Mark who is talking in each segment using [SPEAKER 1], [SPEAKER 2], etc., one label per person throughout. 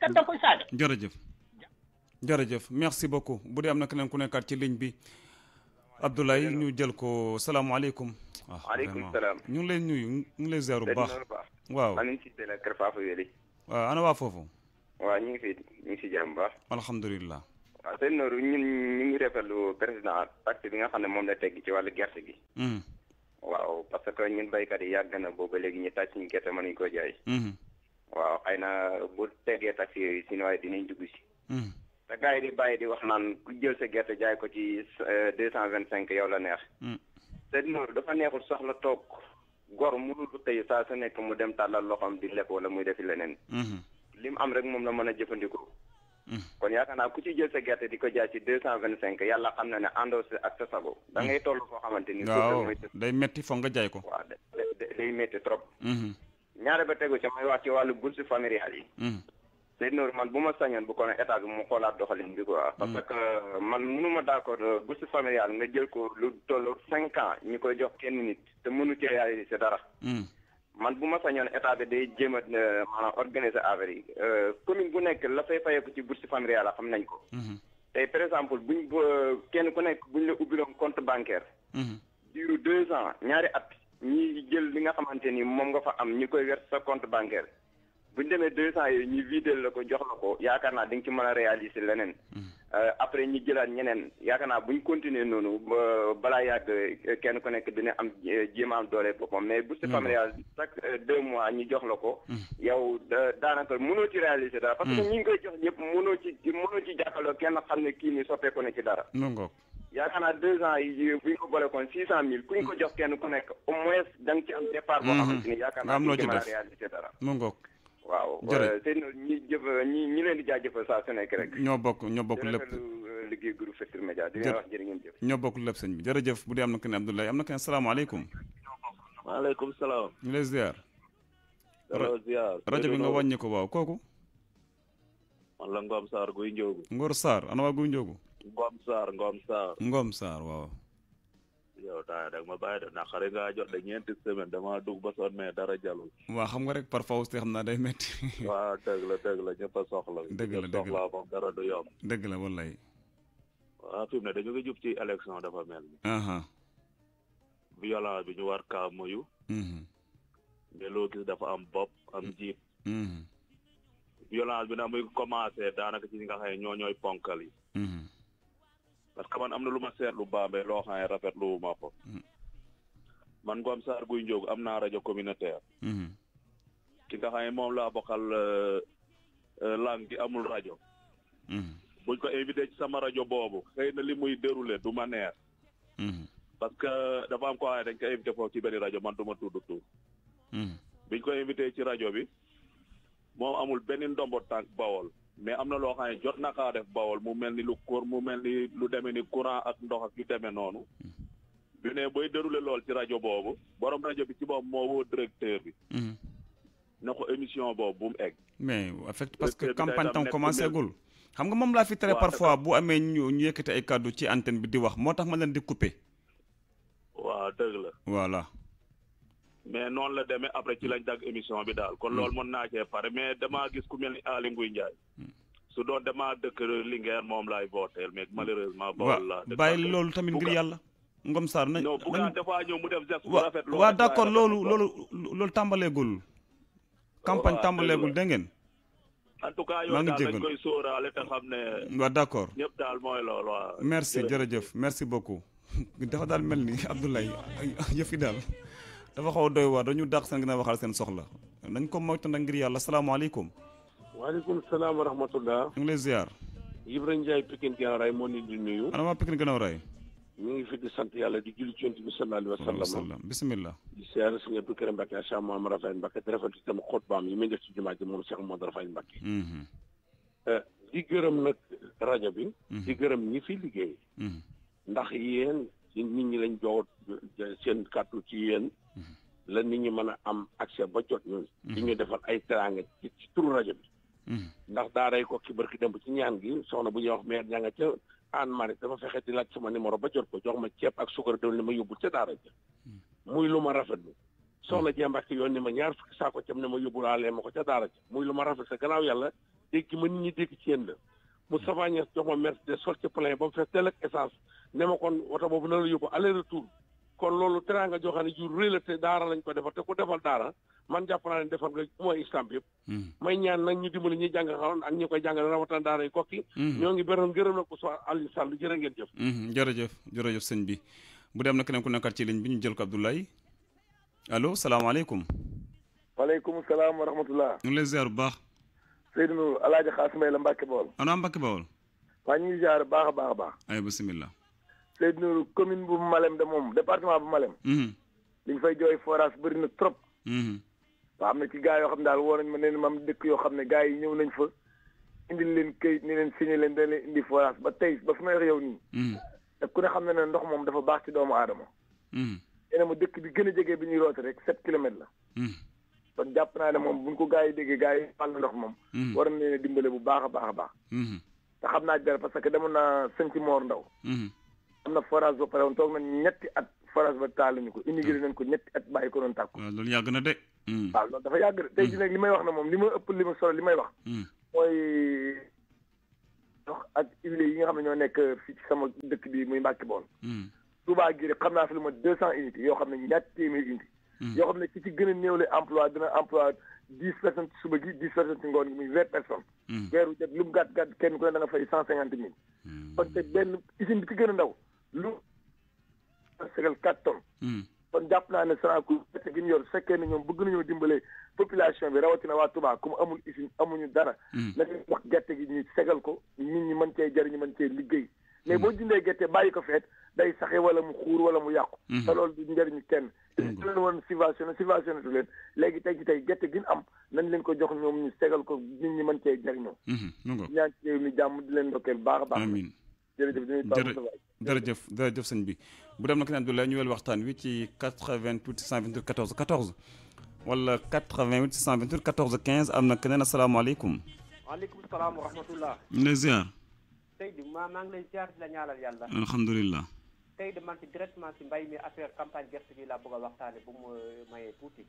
[SPEAKER 1] kan da koy saaga jërëjëf jërëjëf merci beaucoup bu dee am na keneen ku nekkaat ci ligne bi Abdoulaye ñu jël ko salaamaaleykum waaleykum ah, salaam ñu ngi lay nuyu ñu ngi lay ziar bu baax waaw maa ngi
[SPEAKER 2] si benn kër faafa wéli
[SPEAKER 1] waaw ah, ana waa foofu
[SPEAKER 2] waaw ñu ngi fi ñu ngi si jàmm baax
[SPEAKER 1] alhamdulilah
[SPEAKER 2] waaw seen nooru ñun ñu ngi rafetlu président pacte bi nga xam ne moom la tegg ci wàllu gerte gi hmm. waaw parce que ñun béykat yi yàgg na booba léegi ñu tàcc ñu gerte mënuñ koo jaay hmm. waaw xëy na bu teggee taxi yooyu sinon dinañ dugg si. Hmm. te gars yi di bàyyi di wax naan ku jël sa gerte jaay ko ci euh, deux cent vingt cinq yow la neex. Hmm. te loolu dafa neexul soxla toog gor mënul xëy saa su nekk mu dem tàllal loxoom di lekk wala muy defi leneen. Hmm. li mu am rek moom la mën a jëfandikoo. kon yaakaar naa ku ci jël sa gerte di ko jaay ci deux cent vingt cinq yàlla xam na ne àndoo si ak sa sago. da ngay toll foo xamante ni. waaw
[SPEAKER 1] day metti foog nga jaay ko. waaw
[SPEAKER 2] day metti ñaare ba tegu ci may wax ci wàllu bourse familiale yi. léegi hmm. nag man bu ma sañoon bu ko ne état bi mu xoolaat doxalin bi quoi. parce hmm. que euh, man mënuma d'accord euh, bourse familiale nga jël ko lu tollu cinq ans ñu koy jox kenn nit te mënu cee yaay si dara. Hmm. man bu ma sañoon état bi day jéem a euh, maanaam organiser affaire yi commune bu nekk la fay fayeeku ci bourse familiale la xam nañ ko. tey par exemple buñ kenn ku nekk buñ la ubbiloon compte bancaire. diiru deux ans ñaari ñi jël li nga xamante ni moom nga fa am ñi koy wer sa compte bancaire bu ñu demee deux cent yooyu ñu videel la ko jox la ko yaakaar naa di nga ci mën a réaliser leneen. Euh, après ñi jëlaat ñeneen yaakaar naa bu ñu continuer noonu balaa yàgg kenn ku nekk dina am euh, jéem a am doole boppam mais. bourse hmm. familiale chaque euh, deux mois ñu jox la ko. Hmm. yow daanaka mënoo ci réaliser dara. parce que hmm. ñi ngi koy jox ñëpp mënoo ci mënoo ci jàkkaarloo kenn xam ne kii nii soppeeku na ci dara. yaakaar naa deux ans yi bu ñu ku ñu jox kenn ku nekk au moins da nga ci am départ
[SPEAKER 3] boo
[SPEAKER 1] mm-hmm. xamante ni yaakaar naa am loo ci def réalisé dara mu ngoog
[SPEAKER 2] waaw euh, te ñi jëf ñi ñi leen di jaajëfal saa su nekk rek
[SPEAKER 1] ñoo bokk ñoo bokk lépp
[SPEAKER 2] euh, liggéey groupe Futurs Médias di leen wax jërë
[SPEAKER 4] ngeen jëf
[SPEAKER 1] ñoo bokk lépp sëñ bi bu dee am na kenn Abdoulaye am na kenn salaamaaleykum
[SPEAKER 4] waaleykum salaam ñu lay ziar rajo bi nga wàññi ko kooku man la Ngor Sarr guy Ndiogu Ngor
[SPEAKER 1] Sarr ana waa guy Ndiogu
[SPEAKER 4] Ngomsaar Ngomsaar.
[SPEAKER 1] Ngomsaar waaw.
[SPEAKER 4] yow taa dag ma bàyyi de naqari ngaa jot de ñeenti semaine damaa dugg ba sonn mais dara jalul.
[SPEAKER 1] waa xam nga rek par force te xam naa day métti.
[SPEAKER 4] waaw dëgg la dëgg la ñëpp a soxla. dëgg la dëgg la soxlaa moom dara du yomb. dëgg la mu ne dañu ngi jub ci élection dafa mel ni. violence bi ñu war kaa moyu. Mhm. mais gis dafa am bopp am mm-hmm. jiit. Mm-hmm. violence bi nag muy commencé daanaka ci ñi nga xam ñoo ñooy ponkal yi. parce que man amna luma na lu ma seetlu bambe loo xam ne rafetlu ma ko mm-hmm. man gom saar guy njóog am naa rajo -hmm. ki nga mom la bokal euh, euh langue gi amul -hmm. buñ ko invité ci sama radio bobu xeyna na li muy déroulé du ma -hmm. parce que dafa am ko ay dañ ko invité fo ci benn radio man du ma tudd -hmm. buñ ko invité ci radio bi mom amul benn ndombo tank bawol mais am na loo xam ne jot na kaa def bawol mu mel ni lu kur mu mel ni lu demee ni courant ak ndox ak yu demee noonu mm-hmm. bi ne booy déroulé lool ci rajo boobu borom rajo bi ci boobu moo directeur bi mm-hmm. na ko émission boobu bu mu egg
[SPEAKER 1] mais en fait parce que campagne tam commencé gul xam nga moom laa fi tere parfois bu amee ñu ñu yëkkati ay kàddu ci antenne bi di wax moo tax ma leen di couper
[SPEAKER 4] waaw dëgg la voilà mais noonu la demee après ci lañ dagg émission bi daal kon mm. loolu mën naa cee pare mais damaa gis ku mel ni Aly Ngouille Ndiaye mm. su doon damaa dëkk Linguère moom laay vooteel mais malheureusement bool la
[SPEAKER 1] bàyyi loolu tamit ngir yàlla Ngom Sarr nañ non Bougane
[SPEAKER 4] dafaa ñëw mu def geste bu rafet loolu waaw d'accord loolu loolu
[SPEAKER 1] loolu tàmbaleegul campagne tàmbaleegul dégg ngeen
[SPEAKER 4] en tout cas yow daal dañ koy sóoraale te xam ne waaw d'accord ñëpp daal mooy loolu waaw merci
[SPEAKER 1] jërëjëf merci beaucoup dafa daal mel ni Abdoulaye yëf yi daal dafa xaw a doy waar dañu dàq seen gën a waxal seen soxla nañ ko moytu nag ngir yàlla salaamaaleykum
[SPEAKER 5] waaleykum salaam wa rahmatullah ñu ngi lay ziar Ibra Ndiaye Pikine Gannaaw moo ni di nuyu ana waa Pikine ngi fi di sant yàlla di julli ci yonent bi sallallahu alayhi wa sallam bismillah di siyaare Sëriñ Abdou Karim Mbacké ak Cheikh Mouhamed Rafahi Mbacké di rafetlu itam xutbaam yi muy def ci moom Cheikh mm-hmm. eh, gërëm nag rajo bi mm-hmm. di gërëm ñi fi liggéey mm-hmm. ndax yéen nit ñi lañ jox de sen kàddu ci yeen mhm. la nit ñi mëna am accès ba jot ñu mhm. di ñu defal ay teranga ci tour radio bi mhm. ndax da ray ko ki barki dem ci ñaan gi soxna bu ñu wax meer ñanga ci an mari dafa fexé di laaj sama numéro ba jot ko jox ma ciép ak suukar do li ma yobul ci dara ja muy lu ma ni soxna jee mbàkke yoon ni ma ñaar fukki saako ceeb ne ma yobul yóbbulaalee ma ko ci dara ja muy lu ma rafet sa gannaaw yalla dégg ma nit ñi dégg ci yeen la Moustapha Niass jox ma merci de sorti plein ba mu fees teel ak essence ne ma kon oto bobu na la yóbbu aller retour kon loolu teraanga joo xam ne ju rëy la te daara lañ ko defal te ku defal daara man jàpp naa ne defal nga mooy islam bi yëpp hmm. ñaan nag ñu dimbali ñuy jàng xaroon ak ñi koy jàngale rawatina daara yi kokki hmm. ñoo ngi beroon gërëm na ko so Aliou Sall jërë ngeen jëf
[SPEAKER 1] hmm. jërëjëf jërëjëf bi bu dem na keneen ku nekkaat ci ligne bi ñu jël ko Abdoulaye allo salaamaaleykum
[SPEAKER 5] waaleykum salaam wa rahmatullah
[SPEAKER 1] ñu ngi lay ziar bu baax
[SPEAKER 5] Seydou Alaaji Xaas Mbay la Mbàkke Bawol
[SPEAKER 1] ana Mbàkke Bawol
[SPEAKER 5] waa ñu ngi jaar baax baax a baax ay lay dund commune bu Malem de moom département bu Malem. Mhm. li ñu fay jooy forage bëri na trop. waaw mhm. am na ci gars yoo xam ne daal woo nañ ma ne mam dëkk yoo xam ne gars yi ñëw nañ fa indil leen këyit ni leen signé leen dañ leen indi forage ba tey ba fi may yow nii. Mhm. te ku ne xam ne ne ndox moom dafa baax ci doomu aadama.
[SPEAKER 3] nee
[SPEAKER 5] ma dëkk bi gën a jege bi ñuy root rek sept kilomètres la. kon jàpp naa ne moom buñ ko gaa yi déggee gaa yi fàll ndox moom. war nañ leen dimbale bu baax a baax a baax. te xam naa jar parce que dama naa sëñ ci Mor Ndaw. am na forage ba pare woon toog na ñetti at forage ba taaluñu ko immigré nañ ko ñetti at bàyyi ko doon tàkku.
[SPEAKER 3] waaw loolu
[SPEAKER 1] yàgg na de. Hmm. waaw
[SPEAKER 5] loolu dafa yàgg de tey jii li may wax na moom li ma ëpp li ma solo li may wax. Hmm. mooy dox ak huile yi nga xam ne ñoo nekk fii ci sama dëkk bi muy Mbacke Bool. Hmm. Touba Guiré xam naa fi lu ma deux cent unités yoo xam ne ñaar téeméer unité. yoo xam ne ki ci gën a néewle emploi dina emploi dix personnes ci suba gi dix personnes ci ngoon muy vingt personnes. weeru jot lu mu gàtt gàtt kenn ku ne da fay cent cinquante mille. kon te benn usine bi ci gën ndaw. lu segal kattan hmm. kon jàpp naa ne Sonacos gerte gi ñu yor fekkee ne ñoom bëgg nañoo dimbale population bi rawatina waa Touba comme amul usine amuñu dara
[SPEAKER 3] hmm. nañu wax
[SPEAKER 5] gerte gi ñu segal ko nit ñi mën cee jariñu mën cee liggéey hmm. mais boo jëndee gerte bàyyi ko feet day saxe wala mu xuur wala mu yàqu loolu du njëriñu kenn dañ leen woon subventionné subventionné tu leen léegi tey tey gerte gi am nañ leen ko jox ñoom ñu segal ko nit ñi mën cee jariñoo ñaan ci mi jàmm di leen ndokkeel baax a baax jërëjëf
[SPEAKER 1] jërëjëf sëñ bi bu dem na ki naan du la ñu wel waxtaan wi ci 88 628 14 14 wala 88 628 14 15 am na keneen asalaamaaleykum.
[SPEAKER 3] waaleykum
[SPEAKER 6] salaam wa rahmatulah. na ziar. Seydou maa maa ngi lay ziar di la ñaanal yàlla.
[SPEAKER 1] alhamdulilah.
[SPEAKER 6] Seydou man ci directement ci mbay mi affaire campagne gerte gi laa bëgg a waxtaane bu mu mayee tuuti.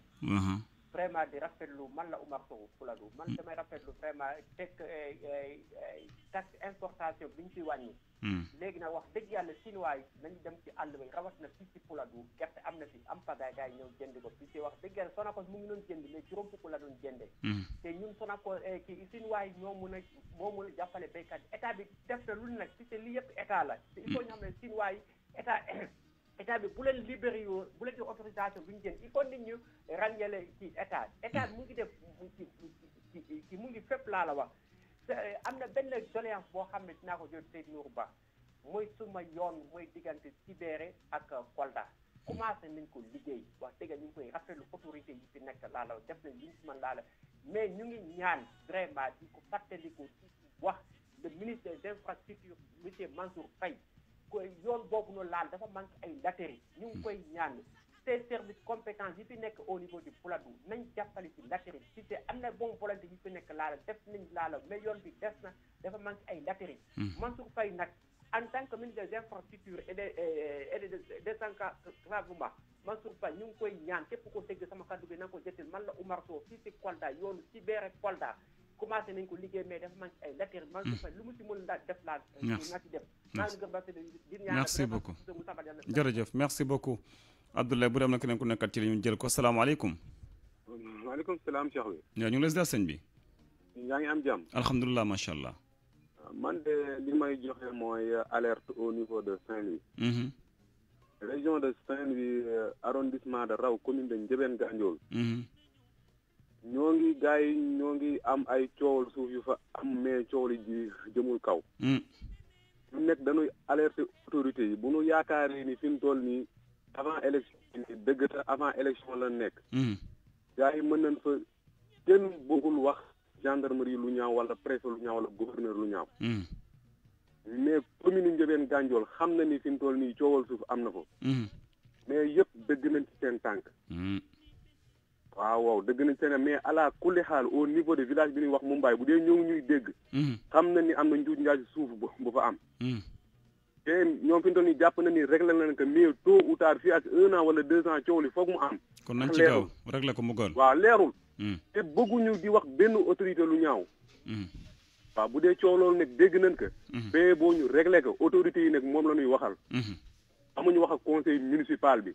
[SPEAKER 6] vraiment di rafetlu man la Oumar Sow Fuladu man mm. damay rafet lu vraiment teg eh, eh, eh, taxe importation bi ñu ci wàññi. Mm. léegi nag wax dëgg yàlla chinois yi nañ dem ci àll ba na fii ci Fuladu gerte am na fi am pagaay gaay ñëw jënd ko fii ci wax dëgg yàlla Sonacos mu ngi doon jënd mais juróom fukk la doon jëndee. Mm. te ñun Sonacos kii chinois yi ñoo mun a moo mun a jàppale béykat yi état bi def na lu ne nag ci te yëpp état la. te il faut ñu xam ne chinois état bi bu leen libéré yoon bu leen jox autorisation bu ñu jël il faut nit ñu ràññale ci état état mu ngi def ci ci mu ngi fépp laa la wax euh, am na benn doléance boo xam ne dinaa ko jot Seydou Nourou Ba mooy suma yoon mooy diggante Sibéré ak Kolda commencé nañ ko liggéey wax dëgg ñu ngi koy rafetlu autorité yi fi nekk laa la def nañ li ñu si laa la mais ñu ngi ñaan vraiment di ko fàttaliku wax le ministre des infrastructures monsieur Mansour Faye koy yoon boobu noonu laal dafa manque ay latéraux ñu ngi hmm. koy ñaan ces services compétents yi fi nekk au niveau du Fuladu nañ jàppale ci latéraux si te am na bon volonté yi fi nekk laal def nañ laal mais yoon bi des na dafa manque ay latéraux. Hmm. Mansour Fay nag en tant que ministre des infrastructures et des euh, et des désenclavement Mansour Faye ñu ngi koy ñaan képp ko dégg sama kàddu bi na ko jëttil man la Oumar Sow fii si Kolda yoonu ci beere Kolda. commencé nañ ko liggéey mais dafa manqué ay lettres manqué dafa lu mu si mën la def la merci merci merci beaucoup
[SPEAKER 1] jërëjëf merci beaucoup. abdoulay bu dem nak na ko ku nekkat ci li ñu jël ko salam alaykum
[SPEAKER 5] wa alaykum salam Cheikh bi.
[SPEAKER 1] ñu ngi lay ziar sëñ bi. yaa ngi am jam jàmm. ma sha allah.
[SPEAKER 5] man de li may joxe moy alerte au niveau de Saint-Louis. -hmm. région de Saint-Louis arrondissement de Raw commune de Ndiébène Gandiol. -hmm. ñoo ngi gars yi ñoo ngi am ay coowal suuf yu fa am mais coowal yi jëmul kaw. ñu hmm. nekk dañuy alerter autorité yi bu ñu yaakaaree ni fi mu toll nii avant élection yi dëgg la avant élection la nekk. Hmm. gars yi mën nañ fa kenn bëggul wax gendarmerie lu ñaaw wala préfet lu ñaaw wala gouverneur lu ñaaw. Hmm. mais commune Ndiobène Gandiol xam na ni fi mu toll nii coowal suuf am na ko. mais yëpp dëgg nañ ci seen tànk. waaw waaw dëgg nañ seen mais ala kulli xaal au niveau de village bi ñuy wax Mumbaay bu dee ñëw ñuy dégg. Mhm. xam na ni am na njuuj njaaj suuf bu fa am. Mhm. te ñoom fi ñu toll jàpp na ni réglé nañ ko mais tôt ou tard fii ak un an wala deux ans coow li foog mu am.
[SPEAKER 3] kon nañ ci gaaw
[SPEAKER 1] réglé ko mu gën waaw leerul. Mhm.
[SPEAKER 5] te bëgguñu di wax benn autorité lu ñaaw. waaw bu dee coow loolu nag dégg nañ ko. bee boo ñu réglé ko autorité yi nag moom la ñuy waxal. amuñu wax ak conseil municipal bi.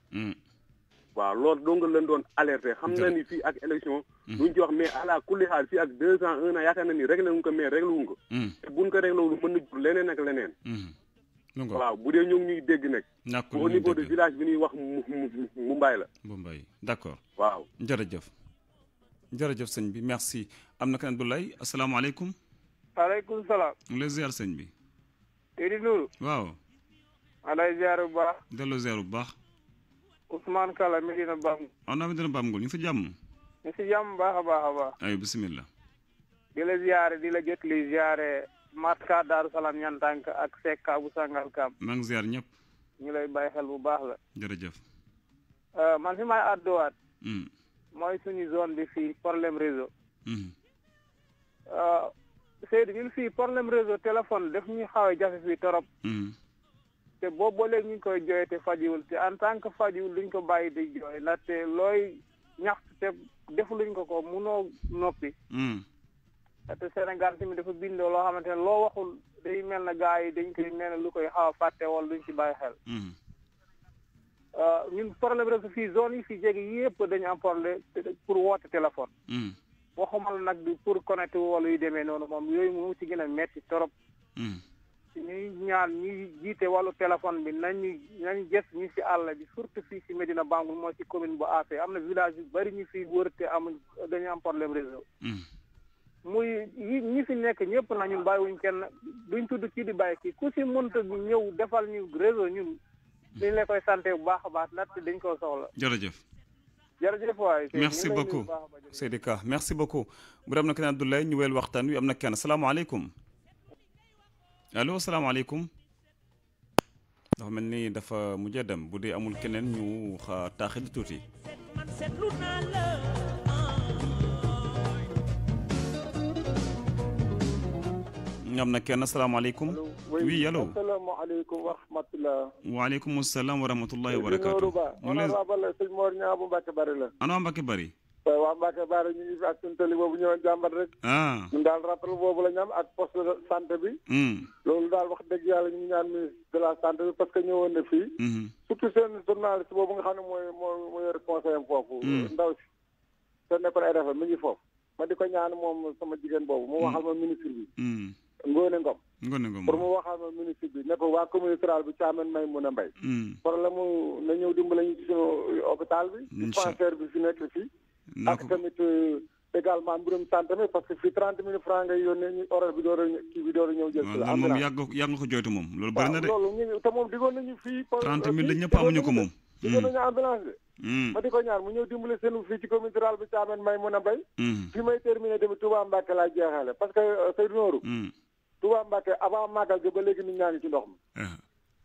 [SPEAKER 5] waaw loolu doo nga leen doon alerté xam na ni fii ak élection mm. duñ ci wax mais àla kulli xaal fii ak deux ans un an yaakaar na ni réglé wuñ ko mais réglé wuñ ko mm. te buñ ko réglé wul mën na jur leneen ak leneen
[SPEAKER 3] mm-hmm. waaw
[SPEAKER 5] bu dee ñoo ngi ñuy dégg nag au niveau de village bi ñuy wax Mumbaay la
[SPEAKER 1] Mumbaay d'accord waaw jërëjëf jërëjëf sëñ bi merci am na kan Abdoulaye asalaamaaleykum
[SPEAKER 5] aleykum salaam
[SPEAKER 1] ngi lay ziar sëñ bi Idi Nuuru waaw
[SPEAKER 5] alay ziar bu baax
[SPEAKER 1] delloo ziar bu baax
[SPEAKER 5] Ousmane Kala Medina Bamboul.
[SPEAKER 1] waaw naa Medina Bamboul ñu ngi si jàmm.
[SPEAKER 5] ñu si jàmm baax a baax a baax.
[SPEAKER 1] ay bisimilah.
[SPEAKER 5] la ziare di la jot li ziare Matka Darou Salam Ñantank ak Sekka bu Sangal Kam.
[SPEAKER 1] maa ngi ziare ñu
[SPEAKER 5] lay bàyyi xel bu baax la. jërëjëf. Euh, man fi may àdduwaat. Hmm. mooy suñu zone bi fii problème réseau. Hmm. Euh, Seydou ñun fii problème réseau téléphone def ñuy xaw jafe fii torop. Hmm. te boobu ba léegi ñu koy jooy te fajiwul te en tant que fajiwul duñ ko bàyyi di jooy ndaxte looy ñaxtu te defuluñ ko ko munoo noppi. Hmm. te Sénégal tamit dafa bindoo loo xamante ne loo waxul day mel na gars yi dañ koy mel na lu koy xaw a fàtte wala duñ ci bàyyi xel. Hmm. Euh, ñun problème rek fii zone yi fi jege yëpp dañu am problème pour woote téléphone. Hmm. waxuma la nag pour connecté wala yu demee noonu moom yooyu moom ci gën a metti trop. ñaan ñi jiite wàllu téléphone bi nañu nañu gës ñi ci àll bi surtout fii ci Médina Bangoul moo ci commune bu Affé am na village yu bari ñu fiy wër te amuñ dañu am problème réseau hmm. muy yi ñi fi nekk ñëpp na ñun bàyyiwuñ kenn duñ tudd kii di bàyyi kii ku ci mënta ñëw defal ñu réseau ñun liñ la koy santé bu baax a baax ndaxte dañ koo soxla jërëjëf jërëjëf waay merci beaucoup
[SPEAKER 1] Seydi Ka merci beaucoup bu dee am na kenn Abdoulaye ñu wel waxtaan wi am na kenn salaamaaleykum الو السلام عليكم دا ملني دا فا مجدم بودي امول كينن ني وخا تاخذ توتي نعم نكن السلام عليكم وي oui, يلو
[SPEAKER 5] السلام عليكم ورحمه الله
[SPEAKER 1] وعليكم السلام ورحمه الله وبركاته انا بابا
[SPEAKER 5] سي مورنا ابو بكر انا ام بكر waa Mbacke Baara ñu ngi fi ak suñu tali boobu ñëwoon jàmbat rek.
[SPEAKER 3] Ah. ñun
[SPEAKER 5] daal rappel boobu la ñu am ak poste de santé bi. Hmm. loolu daal wax dëgg yàlla ñu ñaan ministre de la santé bi parce que ñëwoon na fii. Hmm. surtout seen journaliste boobu nga xam ne mooy mooy mooy conseil am foofu. Hmm. ndaw si soo nekkoon RFM mi ngi foofu. ma di ko ñaan moom sama jigéen boobu. mu waxal ma ministre bi. Ngone
[SPEAKER 3] Ngom. pour mu
[SPEAKER 5] waxal ma ministre bi ne ko waa commune rurale bi Thiamène may mun a mbay. problème mu na ñëw dimbali ñu ci suñu hôpital bi. nekk fii. ak euh, parce que fii trente mille franc ngay yónnee ñu horaire bi door a kii bi door a ñëw jël si la moom
[SPEAKER 1] yàgg yàgg nga ko jooytu moom loolu bëri
[SPEAKER 5] de te moom digoon nañu fii trente mille dañ ñëpp amuñu ko moom digoon hmm. nañu ambulance de hmm. ma di ko ñaar mu ñëw dimbali seen fii ci commune rurale bi Thiamène hmm. may mun a béy fii may terminé tamit Touba Mbacké laa jeexale parce que euh, Seydou Nourou Touba Mbacké avant màggal gi ba léegi nit ñaa ngi ci ndox mi ah.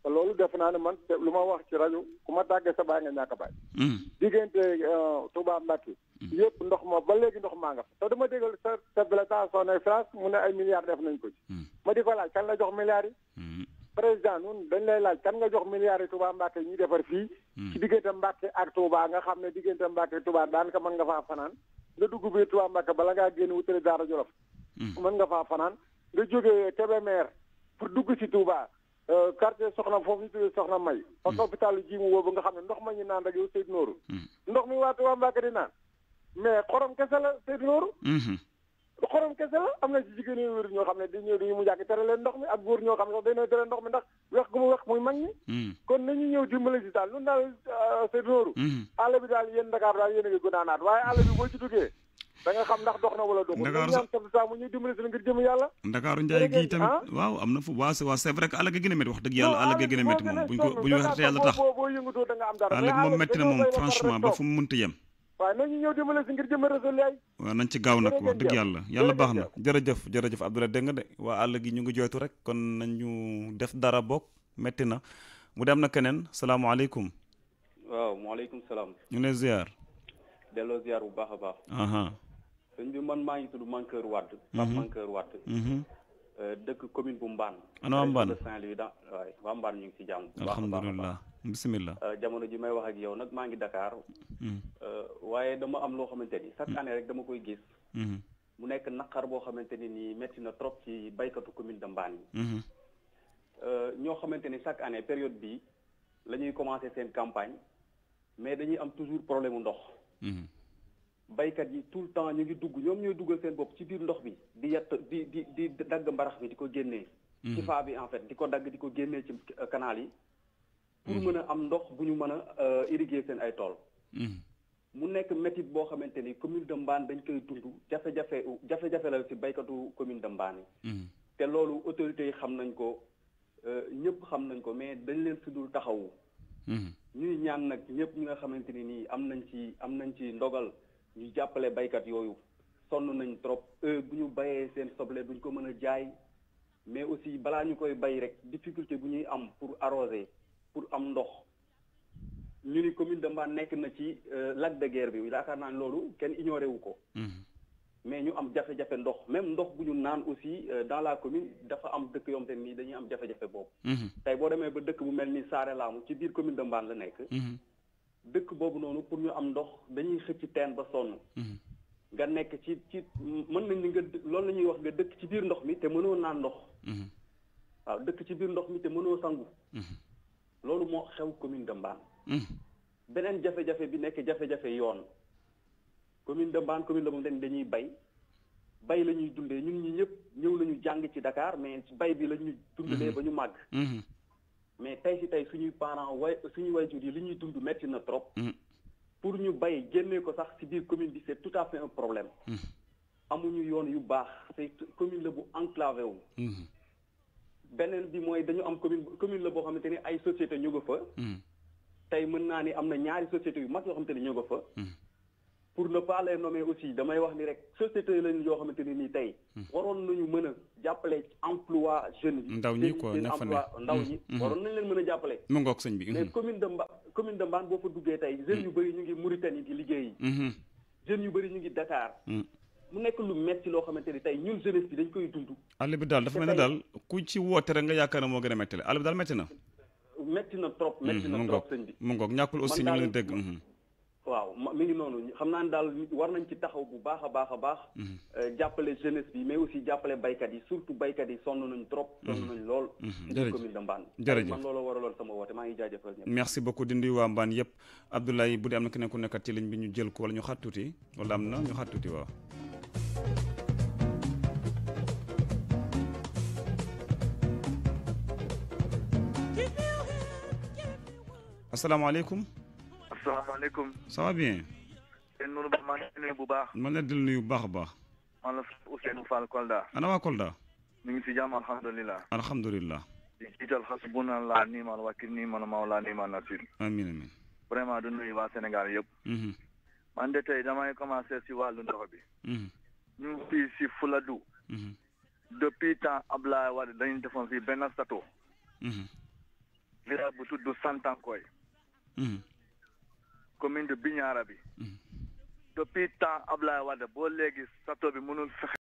[SPEAKER 5] te loolu def naa ne man lu ma wax ci rajo ku ma tàggee sa baay nga ñàkk a baay. Mm. diggante euh, Touba Mbacke. Mm. yëpp ndox ma ba léegi ndox maa nga fa. te dama déggal sa sa sa son France mu ne ay milliards def nañ ko ci. Mm. ma di ko laaj kan la jox milliards yi. président nun dañ lay laaj kan nga jox milliards yi tubaa Mbacke ñuy defar fii. ci diggante Mbacke ak Touba nga xam ne diggante Mbacke Touba daanaka mën nga faa fanaan. nga dugg biir Touba Mbacke bala ngaa génn wutale Daara Jolof. mën nga faa fanaan nga jógee Kébémer pour dugg ci Touba. Euh, quartier soxna foofu ñu tuddee soxna may hmm. parce que ji mu woo ba nga xam ne ndox ma ñu naan rek yow Seydou hmm. ndox mi waatu waa Mbacke di naan mais xorom kese la Seydou Nourou hmm. xorom kese la am na ci jigéen wér ñoo xam ne dañu dañu mu jàkk tere leen ndox mi ak góor ñoo xam ne sax dañoo tere ndox mi ndax wex gu mu wex muy mag ñi kon nañu ñëw dimbali si daal nun daal euh, Seydou àll bi daal yéen Dakar daal yéen a ngi gunaanaat waaye àll bi boo ci duggee da nga xam ndax dox na wala dox
[SPEAKER 1] Ndakaaru Njaay gii tamit ah? waaw am na fu waa waa c'est vrai que àll ga gën a métti wax dëgg yàlla àll ga gën a métti moom buñ ko bu ñu waxee te
[SPEAKER 5] moom métti na moom franchement ba fu mu mënti yem waaw nañ
[SPEAKER 1] ci gaaw nag wax dëgg yàlla yàlla baax na jërëjëf jërëjëf Abdoulaye dégg nga de waa àll gi ñu ngi jooytu rek kon nañu def dara boog metti na mu dem na keneen salaamaaleykum
[SPEAKER 4] waaw maaleykum salaam ñu ngi lay ziar delloo bu
[SPEAKER 5] baax a baax sëñ bi man maa ngi tudd Mankeur Wade. Mhm. Pape Mankeur Wade. Mhm. Euh, dëkk commune bu Mbane. ana waa Mbane Saint-Louis da waaye ñu ngi si jàmm.
[SPEAKER 1] alhamdulilah bisimilah.
[SPEAKER 5] Euh, jamono ji may wax ak yow nag maa ngi Dakar. Mhm. Euh, waaye dama am loo xamante ni chaque année rek dama koy gis. mu nekk naqar boo xamante ni nii métti na trop ci baykatu commune de Mbane yi. ñoo xamante ni chaque année période bii la ñuy commencé seen campagne mais dañuy am toujours problème mu ndox. baykat yi tout le temps ñu ngi dugg ñoom ñooy duggal seen bopp ci biir ndox mi di yett di di di dagg mbarax mi di ko génnee mm-hmm. ci faa bi en fait di ko dagg di ko génnee ci canal yi pour mm-hmm. mën a am ndox bu ñu mën a euh, irriguer seen ay tool mm-hmm. mu nekk métit boo xamante ni commune de Mbane dañ koy dund jafe-jafe jafe-jafe la si baykatu commune de Mbane yi te loolu autorités yi xam nañ ko euh, ñëpp xam nañ ko mais dañ leen si dul taxawu
[SPEAKER 3] ñuy
[SPEAKER 5] ñaan nag ñëpp ñi nga xamante ni nii am nañ ci am nañ ci ndogal ñu jàppale baykat yooyu sonn nañ trop heure bu ñu bayee seen soble duñ ko mën a jaay mais aussi balaa ñu koy bay rek difficulté bu ñuy am pour arroser pour am ndox ñu ni commune de Mbane nekk na ci euh, lac de guerre bi yaakaar naa loolu kenn ignoré wu ko. Mm-hmm. mais ñu am jafe-jafe ndox même ndox bu ñu naan aussi euh, dans la commune dafa am dëkk yom te nii dañuy am jafe-jafe boobu. Mm-hmm. tey boo demee ba dëkk bu mel ni Saare Laamu ci biir commune de Mbane la nekk. Mm-hmm. dëkk boobu noonu pour ñu am ndox dañuy xëcc teen ba sonn. Mhm. nga nekk ci ci mën nañ ni nga loolu la ñuy wax nga dëkk ci biir ndox mi te mënoo naan ndox. Mhm. waaw dëkk ci biir ndox mi te mënoo sangu. Mhm. loolu moo xew commune de Mbane. beneen jafe-jafe bi nekk jafe-jafe yoon. commune de Mbane commune de Mbane dañuy bay bay la ñuy dundee ñun ñi ñëpp ñëw lañu jàng ci dakaar mais bay bi la ñuy ba ñu màgg. mais tey si tey suñu parents way suñu wayjur yi li ñuy dund métti na trop. Mm. pour ñu bay génnee ko sax si biir commune bi c'est tout à fait un problème. Mm. amuñu yoon yu baax c'est commune la bu enclavé wu. Mm. beneen bi mooy dañu am commune commune la boo xamante ni ay société ñu nga fa. tey mën naa ni am na ñaari société yu mag yoo xamante ni ñu nga fa. pour ne pas les nommer aussi damay wax ni rek société lañu yoo xamante ne nii tey. Hmm. waroon nañu mën a jàppale emploi jeunes yi. ndaw ñii quoi ña fa ne ndaw hmm. ñi. Hmm. waroon nañ leen mën a jàppale. mu ngook sëñ bi. mais commune de Mba commune de Mbane boo fa duggee tey jeunes yu bëri ñu ngi Mauritanie di liggéey yi jeunes yu bëri ñu ngi Dakar.
[SPEAKER 3] mu
[SPEAKER 5] nekk lu metti loo xamante ni tey ñun jeunesse bi dañ koy dund.
[SPEAKER 3] àll
[SPEAKER 1] bi daal dafa mel ne daal ku ci woote rek nga yaakaar ne moo gën a metti la na.
[SPEAKER 5] metti na trop metti na trop sëñ bi
[SPEAKER 1] mu ngoog ñàkkul aussi ñu
[SPEAKER 5] waaw mi ngi noonu xam naa ne daal war nañ ci taxaw bu baax a baax a baax. Mhm. Euh, jàppale jeunesse bi mais aussi jàppale baykat yi surtout baykat yi sonn nañ trop. Mhm. sonn nañ lool. Mhm. jërëjëf commune de Mbane. jërëjëf man loolu maa ngi jaajëfal ñëpp. merci
[SPEAKER 1] beaucoup di nuyu waa Mbane yëpp Abdoulaye bu dee am na keneen ku nekkat ci ligne bi ñu jël ko wala ñu xaat tuuti wala am na ñu xaat tuuti waaw. asalaamaaleykum. ça va bien.
[SPEAKER 5] seen maa bu baax.
[SPEAKER 1] ma di nuyu baax baax.
[SPEAKER 5] man la Ousseynou Kolda. ana waa Kolda. ngi si jàmm alhamdulilah.
[SPEAKER 1] alhamdulilah.
[SPEAKER 5] di jiital mawla nasir. amiin amiin. vraiment mhm. man commencé si wàllu ndox bi. Mhm. ñu fii Fuladu. Mhm. depuis village bu commune de Bignona bi mm. depuis temps Ablaye Wade boo léegi château bi mënul fexe